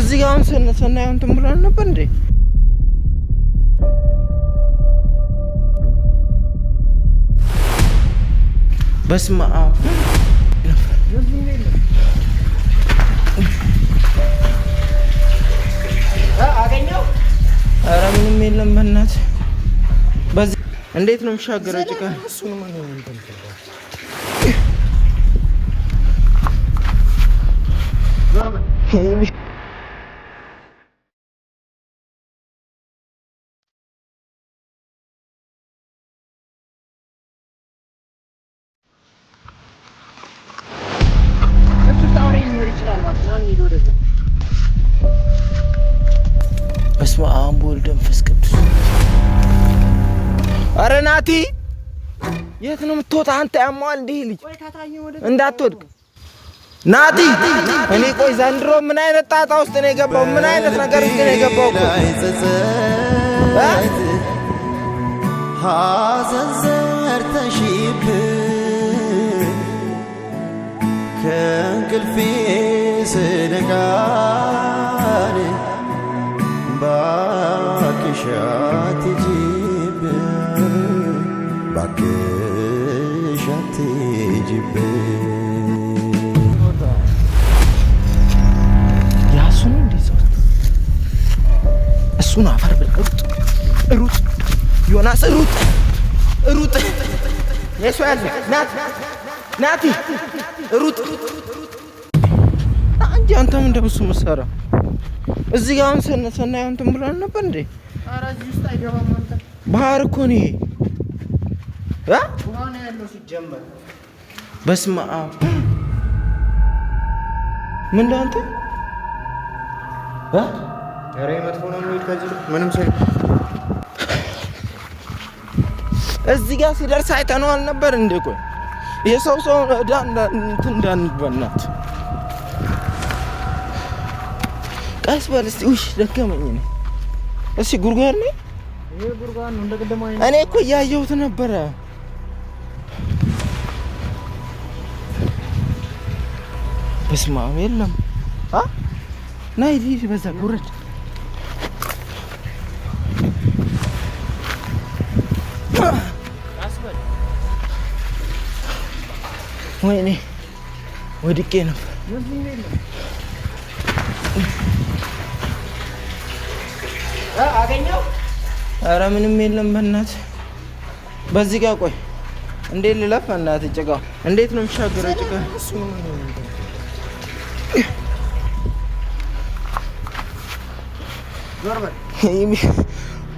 እዚህ ጋር አሁን ስናየው እንትን ብሏል ነበር እንዴ? በስመ አብ አገኘው። ኧረ ምንም የለም በእናት በዚህ እንዴት ነው የሚሻገረው ጭቃ? መንፈስ ቅዱስ። አረ ናቲ የት ነው የምትወጣ? አንተ ያማዋል እንዲህ ልጅ እንዳትወድቅ ናቲ። እኔ ቆይ ዘንድሮ ምን አይነት ጣጣ ውስጥ ነው የገባው? ምን አይነት ነገር ውስጥ ነው የገባው? ሐዘንዘር ተሺብ ከእንቅልፌ ስነቃን ባክሽ አትሂጂብን፣ ባክሽ አትሂጂብን። ያሱን እንዴ እሱን አፈር ብላ ሩጥ ሩጥ፣ ዮናስ ሩጥ ሩጥ፣ የሱ ያዙ ናት ናቲ ሩጥ። አንተ ምንድን ነው እሱ እዚህ ጋር አሁን ሰናየው እንትን ብሎ ነበር እንዴ? ባህር እኮ ነው ያለው ሲጀመር። በስመ አብ ምን ለአንተ እዚህ ጋር ሲደርስ አይተነዋል ነበር እንዴ? ቆይ የሰው ሰው እንዳንበናት ቀስ በል እስቲ። ውይ ደከመኝ ነው። ጉድጓድ ነው፣ እኔ እኮ እያየሁት ነበረ። በስመ አብ የለም። ናይ ሂድ፣ በዛ ጉረድ ወይኔ ወድቄ ነው። አገኘው? ኧረ ምንም የለም። በእናትህ በዚህ ጋር ቆይ። እንዴት ልለፍ? እናት ጭቃው እንዴት ነው የሚሻገረው? ጭቃ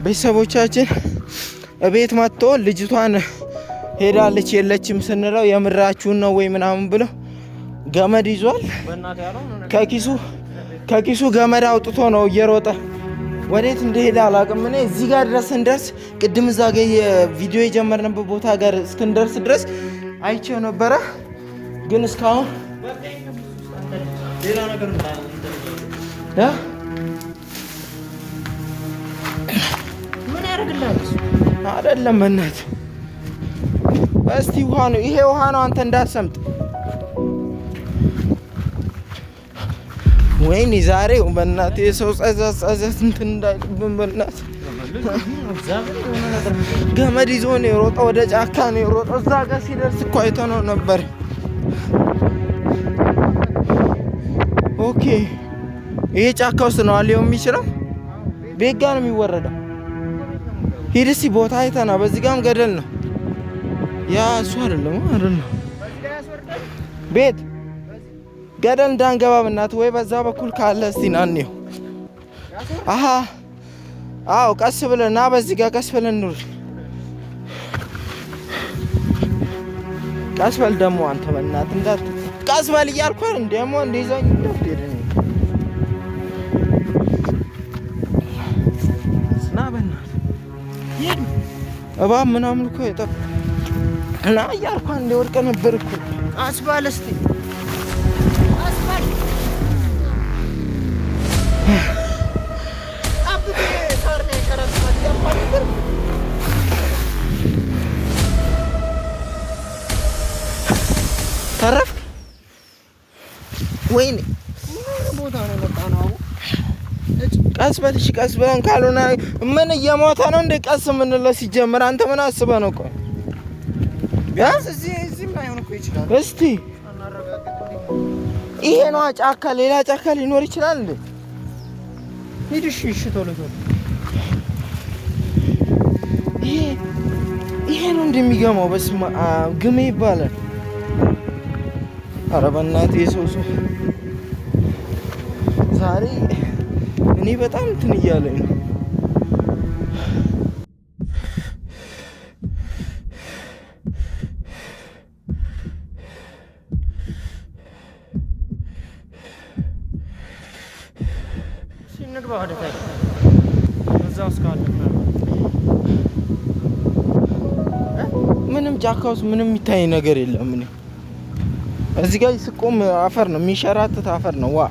ቤተሰቦቻችን እቤት መጥቶ ልጅቷን ሄዳለች የለችም ስንለው የምራችሁን ነው ወይ ምናምን ብለው ገመድ ይዟል። ከኪሱ ከኪሱ ገመድ አውጥቶ ነው እየሮጠ ወዴት እንደሄደ አላውቅም። እኔ እዚህ ጋር ድረስ ስንደርስ ቅድም እዛ ጋ የቪዲዮ የጀመርንበት ቦታ ጋር እስክንደርስ ድረስ አይቼው ነበረ፣ ግን እስካሁን አይደለም። በእናትህ እስቲ ውሃ ነው ይሄ ውሃ ነው፣ አንተ እንዳትሰምጥ ወይኔ ዛሬ በእናት የሰው ጸጸት ጸጸት እንትን እንዳይልብን በእናት ገመድ ይዞ ነው የሮጠው፣ ወደ ጫካ ነው የሮጠው። እዛ ጋር ሲደርስ እኮ አይቶ ነው ነበር። ኦኬ ይሄ ጫካ ውስጥ ነው አለ የሚችለው። ቤት ጋር ነው የሚወረደው። ሂድ እስኪ ቦታ አይተና። በዚህ ጋርም ገደል ነው ያ እሱ አይደለም አይደለም ቤት ገደል እንዳንገባ ብናት ወይ በዛ በኩል ካለ እስቲ ና እንየው። አሀ አዎ፣ ቀስ ብለን ና፣ በዚህ ጋር ቀስ ብለን ኑር። ቀስ በል ደግሞ አንተ በእናት እንዳት ቀስ በል እያልኳል። እንደሞ እንደዛኝ ና በእናት እባብ ምናምን እኮ ና እያልኳ እንደወድቀ ወድቀ ነበር እኮ ቀስ በል እስቲ ተረፍክ? ወይኔ ቀስ በል እሺ፣ ቀስ ብለን ካልሆነ ምን እየሞተ ነው እንደ ቀስ የምንለው? ሲጀምር አንተ ምን አስበህ ነው? ቆይ እስኪ ይሄ ነዋ ጫካ፣ ሌላ ጫካ ሊኖር ይችላል እንዴ? ሂድ። እሺ፣ እሺ፣ ቶሎ ቶሎ። ይሄ ነው እንደሚገማው። በስመ አብ ግሜ ይባላል። ኧረ በእናትህ የሰው ሰው ዛሬ እኔ በጣም እንትን እያለኝ ጫካ ውስጥ ምንም የሚታይ ነገር የለም። እኔ እዚህ ጋር ስቆም አፈር ነው የሚሸራትት አፈር ነው ዋ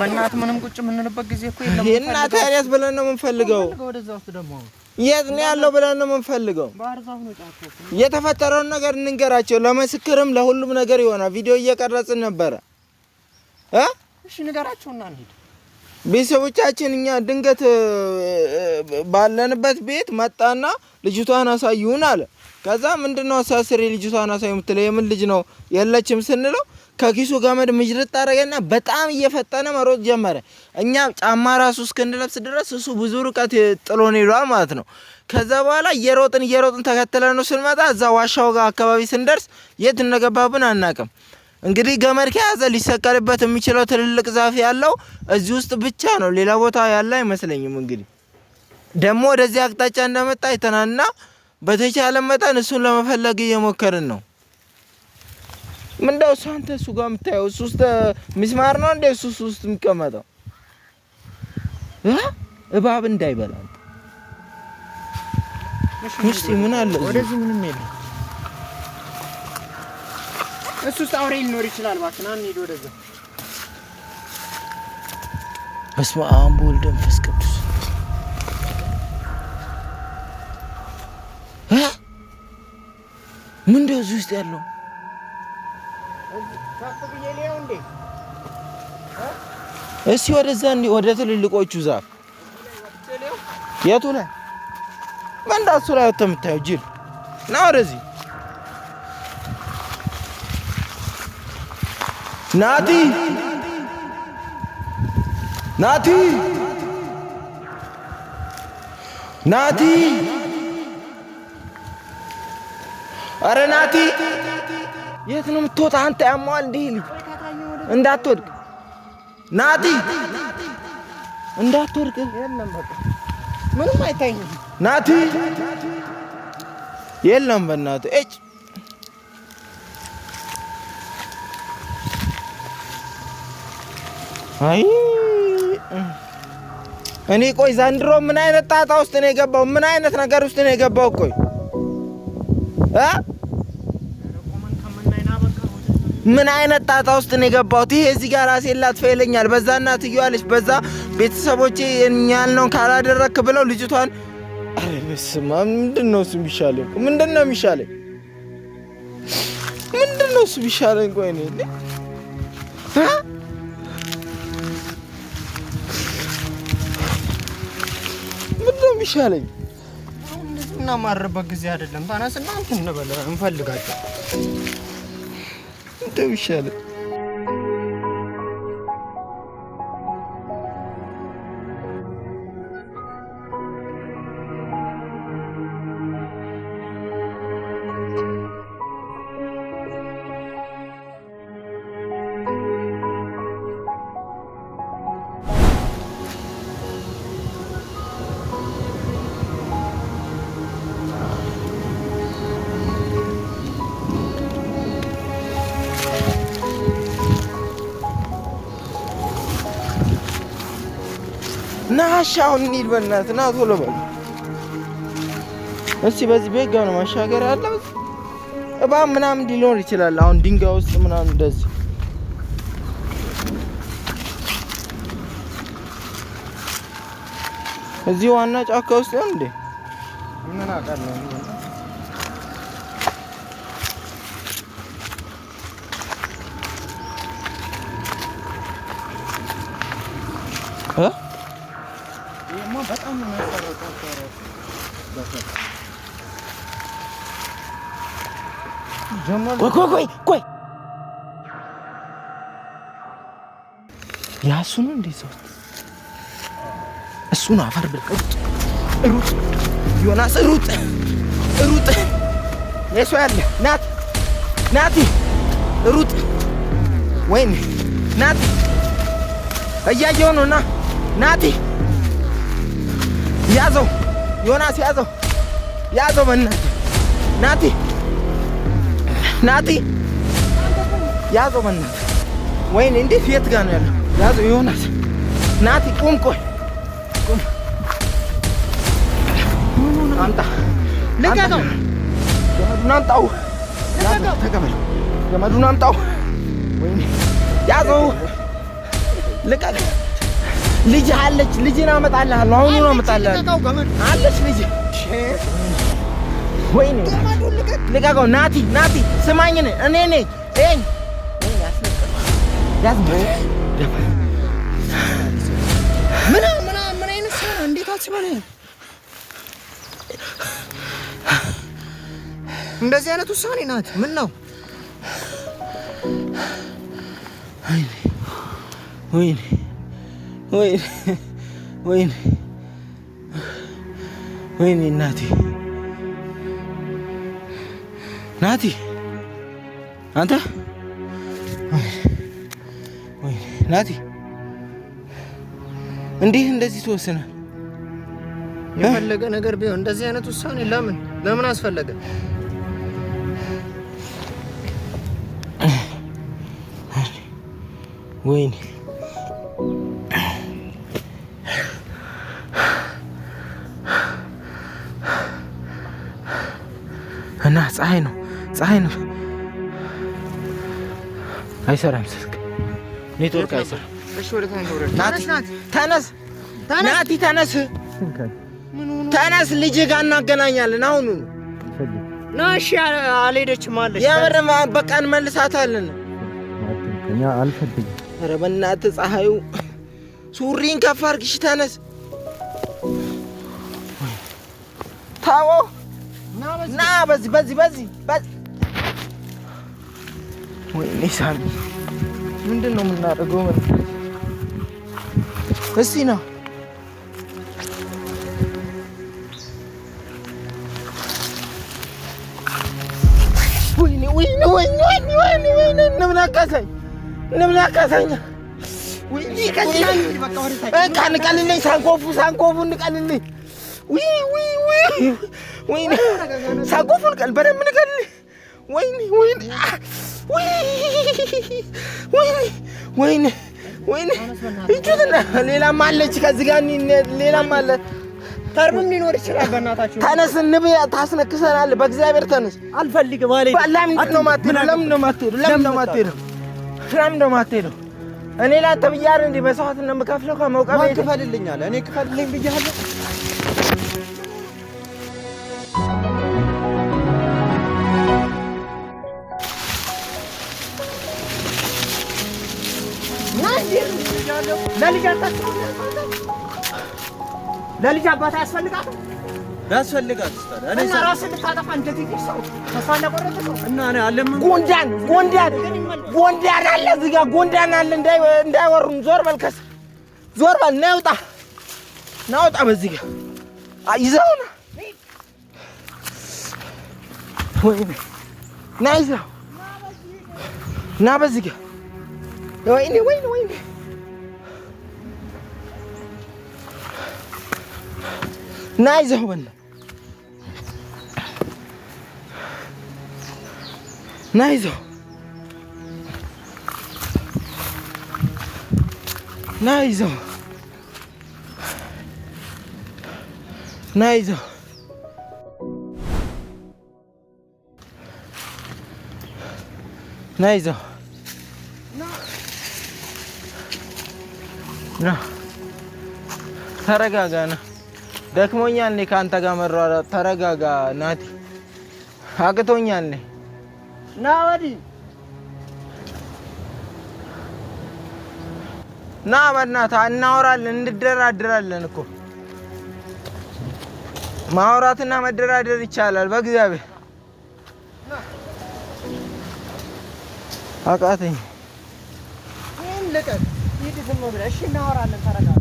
በእናትህ ምንም ቁጭ የምንልበት ጊዜ እኮ የለም። የእናትህ አሪያት ብለን ነው የምንፈልገው። የት ነው ያለው ብለን ነው የምንፈልገው። የተፈጠረውን ነገር እንንገራቸው። ለምስክርም ለሁሉም ነገር ይሆናል ቪዲዮ እየቀረጽን ነበረ። እሺ ንገራቸውና እንሂድ። ቤተሰቦቻችን እኛ ድንገት ባለንበት ቤት መጣና ልጅቷን አሳዩን አለ። ከዛ ምንድነው አሳስሬ ልጅቷን ሰው የምትለው የምን ልጅ ነው የለችም ስንለው ከኪሱ ገመድ ምጅርጥ አረገና በጣም እየፈጠነ መሮጥ ጀመረ። እኛ ጫማ ራሱ እስክንለብስ ድረስ እሱ ብዙ ርቀት ጥሎን ሄዷል ማለት ነው። ከዛ በኋላ እየሮጥን እየሮጥን ተከትለ ነው ስንመጣ እዛ ዋሻው ጋር አካባቢ ስንደርስ የት እንደገባብን አናቅም። እንግዲህ ገመድ ከያዘ ሊሰቀልበት የሚችለው ትልልቅ ዛፍ ያለው እዚህ ውስጥ ብቻ ነው፣ ሌላ ቦታ ያለ አይመስለኝም። እንግዲህ ደግሞ ወደዚህ አቅጣጫ እንደመጣ አይተናና በተቻለ መጠን እሱን ለመፈለግ እየሞከርን ነው። ምንዳው እሱ አንተ እሱ ጋር የምታየው እሱ ውስጥ ሚስማር ነው እንደ እሱ ውስጥ የሚቀመጠው እባብ እንዳይበላ ውስጥ ምን አለ? ወደዚህ ምንም የለ እሱ ውስጥ አውሬ ሊኖር ይችላል። እባክህን አንሂድ ወደዛ። በስመ አብ ወወልድ ወመንፈስ ቅዱስ ምንድነው እዚህ ውስጥ ያለው? እስኪ ወደዛ እንዲ ወደ ትልልቆቹ ዛፍ የቱ ላይ መንዳሱ ላይ ወጥተህ የምታየው ጅል ና ወደዚህ ናቲ ናቲ ናቲ ኧረ ናቲ የት ነው የምትወጣ? አንተ ያማዋል እንዲህ ልጅ እንዳትወድቅ ናቲ፣ እንዳትወድቅ ምንም አይታይም ናቲ። የለም በእናትህ እጭ አይ እኔ ቆይ ዘንድሮ ምን አይነት ጣጣ ውስጥ ነው የገባው? ምን አይነት ነገር ውስጥ ነው የገባው? ቆይ ምን አይነት ጣጣ ውስጥ ነው የገባሁት? ይሄ እዚህ ጋር ራሴን ላጥፋ ይለኛል። በዛ እናትዬ አለች፣ በዛ ቤተሰቦቼ ነው ካላደረክ ብለው ልጅቷን። ኧረ በስመ አብ! ምንድን ነው እሱ የሚሻለኝ? ምንድን ነው የሚሻለኝ? ምንድን ነው እሱ የሚሻለኝ? ቆይ ነው ምንድን ነው የሚሻለኝ? እናማርበት ጊዜ አይደለም። ታናስና እንትን እንበል እንፈልጋቸው Do it. ጋሻ አሁን እንሂድ፣ በእናትህ ና ቶሎ በል። እስቲ በዚህ ቤት ጋር ነው ማሻገር አለ። እባብ ምናምን ሊኖር ይችላል። አሁን ድንጋይ ውስጥ ምናምን እንደዚህ እዚህ ዋና ጫካ ውስጥ ነው እንዴ? ምን አውቃለሁ። በጣም ነው የሚያስፈራው። ያሱ ነው እንዴ? ሰው እሱ ነው። አፈር ሩጥ ዮናስ ሩጥ፣ ሩጥ። የሱ ያለ ናት፣ ናቲ፣ ሩጥ። ወይኔ ናቲ፣ ነው። ና ናቲ ያዘው ዮናስ፣ ያዘው ያዘው። በእናትህ ናቲ፣ ናቲ ያዘው በእናትህ። ወይኔ እንዴት! የት ጋር ነው ያለው? ያዘው ዮናስ። ናቲ ቁም፣ ቆይ ቁም። አምጣ፣ ልቀቀው፣ ገመዱን አምጣው፣ ልቀቀው ገመዱን አምጣው ወይኔ ያዘው ልቀቀው ልጅ አለች። ልጅን አመጣልሃለሁ። አሁኑ አመጣልሃለሁ። አለች ልጅ። ወይኔ ልቀቀው። ናቲ ናቲ፣ ስማኝን እኔ ነኝ። እኔ አይነት ነው? እንዴት እንደዚህ አይነት ውሳኔ ናት። ምን ነው? ወይኔ ወይኔ እናቴ ናቲ አንተ ናቲ እንዲህ እንደዚህ ተወስነ? የፈለገ ነገር ቢሆን እንደዚህ አይነት ውሳኔ ለምን ለምን አስፈለገ? ወይኔ እና ፀሐይ ነው ፀሐይ ነው። አይሰራም ስልክ ኔትወርክ አይሰራም። ተነስ ናቲ ተነስ ተነስ፣ ልጅ ጋር እናገናኛለን። አሁኑ ነው አልሄደችም አለች። የምር በቃ እንመልሳታለን። አልፈልግም። ኧረ በእናትህ ፀሐዩ ሱሪን ከፍ አድርግ። ተነስ ታወ ና በዚህ በዚህ በዚህ ወይኔ ሳሚ ምንድን ነው የምናደርገው? እስቲ ና ንቀልልኝ ሳንኮፉ ሳንኮፉ ንቀልልኝ ወይኔ ሳቆ ፎልቀል በደንብ ንገልህ። ወይኔ ወይኔ ወይኔ ወይኔ ወይኔ እጁትና ሌላም አለች ከዚህ ጋር ሌላም አለ። ተርብም ሊኖር ይችላል። በእናታችሁ ተነስ፣ ንብያ ታስነክሰናል። በእግዚአብሔር ተነስ። አልፈልግም ማለት ለምንድን ነው የማትሄደው? ለምንድን ነው የማትሄደው? ለምንድን ነው የማትሄደው? ለምንድን ነው የማትሄደው? እኔ ላንተ ብያለሁ። እንደ መስዋዕት እንደምከፍለው ከመውቀብ ከመውቀቤ። እኔ ክፈልልኝ ብያለሁ። ለልጅ አታስብ። ለልጅ አባት አያስፈልጋት ያስፈልጋት እኔ ራስን ልታጠፋ እንደዚህ ሰው ተስፋ እንደቆረጠ እና እኔ አለም ጎንዳን ጎንዳን ጎንዳን አለ እዚህ ጋር ጎንዳን አለ። እንዳይወሩን ዞር በል ከስ ዞር በል ና ውጣ ና ውጣ። በዚህ ጋር ይዘው ና ወይኔ ና ይዘው ና በዚህ ጋር ወይኔ ወይኔ ወይኔ ና ይዘው በል ና ይዘው ና ይዘው ና ይዘው ና ይዘው ተረጋጋ ና ደክሞኛል። እኔ ከአንተ ጋር መሯሯጥ። ተረጋጋ ናቲ፣ አቅቶኛል። እኔ ና ወዲህ ና በእናትህ እናወራለን፣ እንደራደራለን እኮ ማውራትና መደራደር ይቻላል። በእግዚአብሔር አቃተኝ። ይሄን ልቀቅ። ይህ ድፍን ነው ብለህ እሺ፣ እናወራለን። ተረጋጋ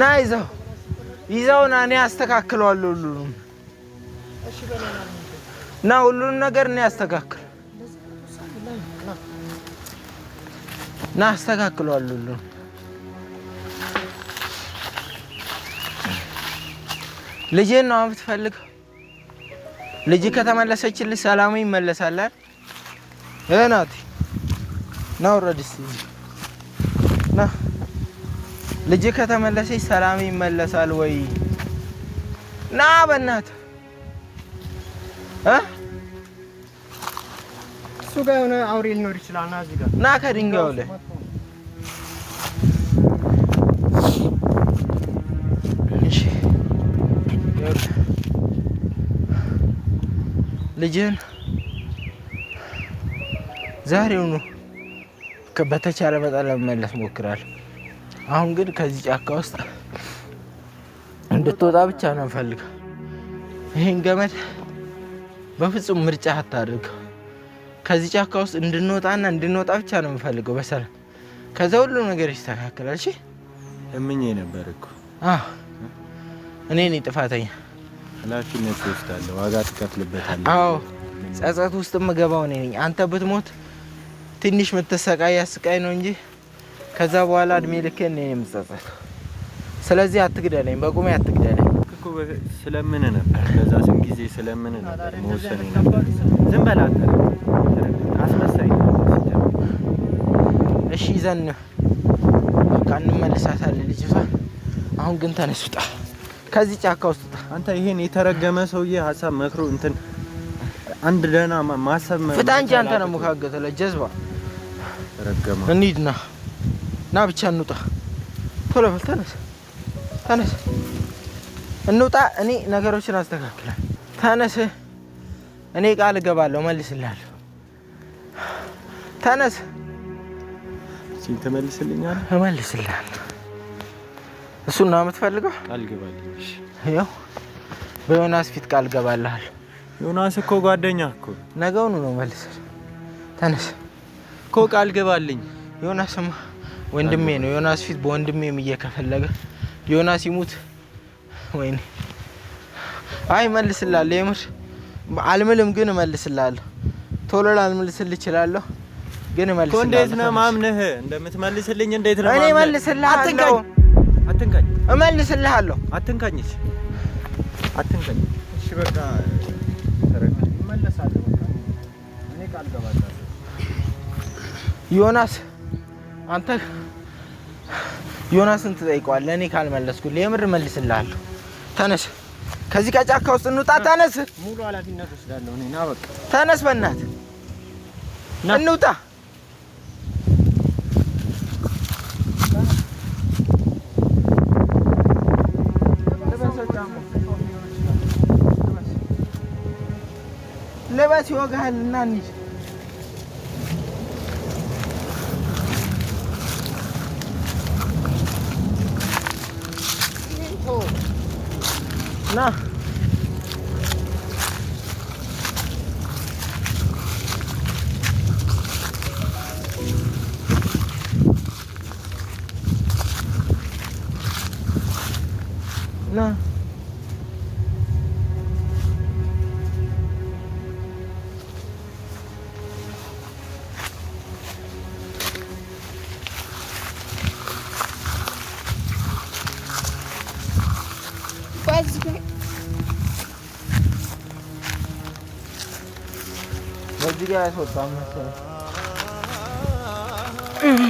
ና ይዘው ይዘው ና፣ እኔ አስተካክለዋለሁ ሁሉንም። ና ሁሉንም ነገር እኔ አስተካክል ና፣ አስተካክለዋለሁ ሁሉንም። ልጅህን ነው የምትፈልገው? ልጅ ከተመለሰችልህ ሰላሙ ይመለሳላል ናቲ ና፣ ውረድ እስኪ ና ልጅ ከተመለሰች ሰላም ይመለሳል ወይ? ና በእናት እሱ ጋ የሆነ አውሬ ሊኖር ይችላል። ና እዚህ ጋር ና ከድንጋዩ ላይ ልጅን ዛሬውኑ በተቻለ መጠን ለመመለስ ሞክራል። አሁን ግን ከዚህ ጫካ ውስጥ እንድትወጣ ብቻ ነው ፈልገው። ይህን ገመድ በፍጹም ምርጫ አታድርገው። ከዚህ ጫካ ውስጥ እንድንወጣና እንድንወጣ ብቻ ነው የምፈልገው በሰላም። ከዛ ሁሉ ነገር ይስተካከላል። እሺ እምኜ ነበር እኮ እኔ ነኝ ጥፋተኛ ኃላፊነት ትወስዳለህ፣ ዋጋ ትከፍልበታለህ። አዎ ጸጸት ውስጥ የምገባው እኔ ነኝ። አንተ ብትሞት ትንሽ የምትሰቃይ ያስቃይ ነው እንጂ ከዛ በኋላ እድሜ ልክ እኔ የምጸጸት። ስለዚህ አትግደለኝ፣ በቁሜ አትግደለኝ። ስለምን ነበር በዛ ስም ጊዜ ስለምን ነበር መወሰን ነበር? ዝም በላ አንተ አስመሳይ። እሺ ዘን በቃ እንመልሳታለን ልጅቷ። አሁን ግን ተነስ ውጣ፣ ከዚህ ጫካ ውስጥ ውጣ። አንተ ይሄን የተረገመ ሰውዬ ሀሳብ መክሮ እንትን አንድ ደህና ማሰብ ፍጣ እንጂ አንተ ነው ሙካገተለ ጀዝባ ረገማ እንሂድና ና ብቻ እንውጣ። ቶሎ በል ተነስ፣ ተነስ፣ እንውጣ። እኔ ነገሮችን አስተካክላል። ተነስ፣ እኔ ቃል እገባለሁ፣ መልስላለሁ። ተነስ፣ ትመልስልኛል፣ እመልስልሃለሁ። እሱን ነው የምትፈልገው? ቃል ገባልሽ። ያው በዮናስ ፊት ቃል ገባልሃል። ዮናስ እኮ ጓደኛ እኮ ነገውኑ ነው መልስ። ተነስ እኮ ቃል ገባልኝ ዮናስማ ወንድሜ ነው። ዮናስ ፊት በወንድሜም እየከፈለገ ዮናስ ይሙት ወይኔ። አይ መልስላለሁ፣ የምር አልምልም፣ ግን እመልስላለሁ። ቶሎ ላልመልስልህ እችላለሁ፣ ግን እመልስላለሁ። እንዴት ነው ማምነህ? እንደምትመልስልኝ እንዴት ነው እኔ እመልስልሃለሁ። አትንካኝ፣ እመልስልሃለሁ። አትንካኝ፣ አትንካኝ። እሺ በቃ እመለሳለሁ። እኔ ቃል ገባለሁ ዮናስ አንተ ዮናስን ትጠይቀዋል። ለእኔ ካልመለስኩልህ የምር መልስልሃለሁ። ተነስ፣ ከዚህ ከጫካ ውስጥ እንውጣ። ተነስ፣ ሙሉ ኃላፊነት ወስዳለሁ እኔ። ና በቃ ተነስ፣ በእናትህ እንውጣ። ልበስ ይወጋሃልና እንሂድ na na ያስወጣ መሰለኝ።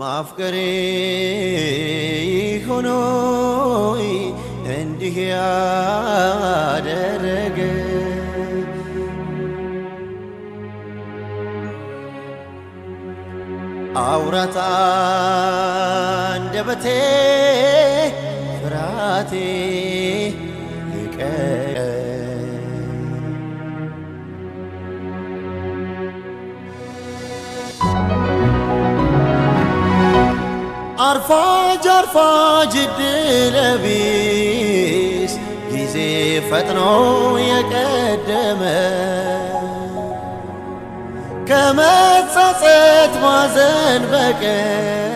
ማፍቀሬ ሆኖ እንዲህ ያደረገ አውራታ አንደበቴ ፍርሃቴ አርፋጅ አርፋጅ እድለ ጊዜ ፈጥኖ የቀደመ ከመጸጸት ማዘን በቀር